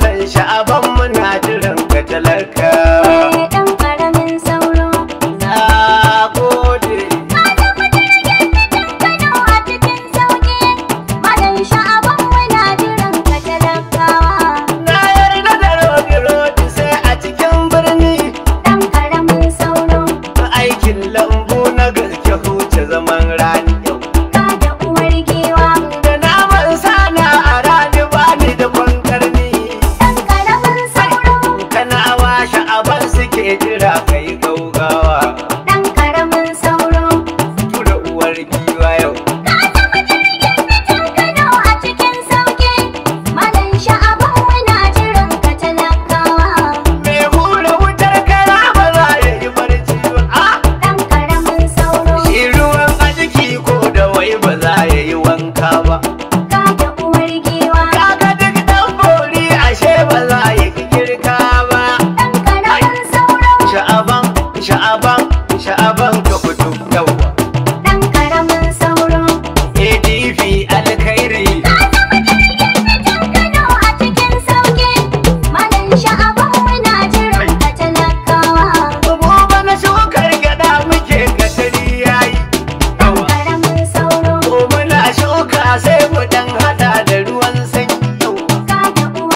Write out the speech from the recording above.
malam sha'aban muna jiran ka talarka dan karamin sauro na gode ka tafi jirgin Kano a cikin sauki malam sha'aban muna jiran ka talarkawa na yarda da rodi rodi sai a cikin birni dan ƙaramin sauro Ma aikin lambu na gaske huce zaman rani cry out. 相爱。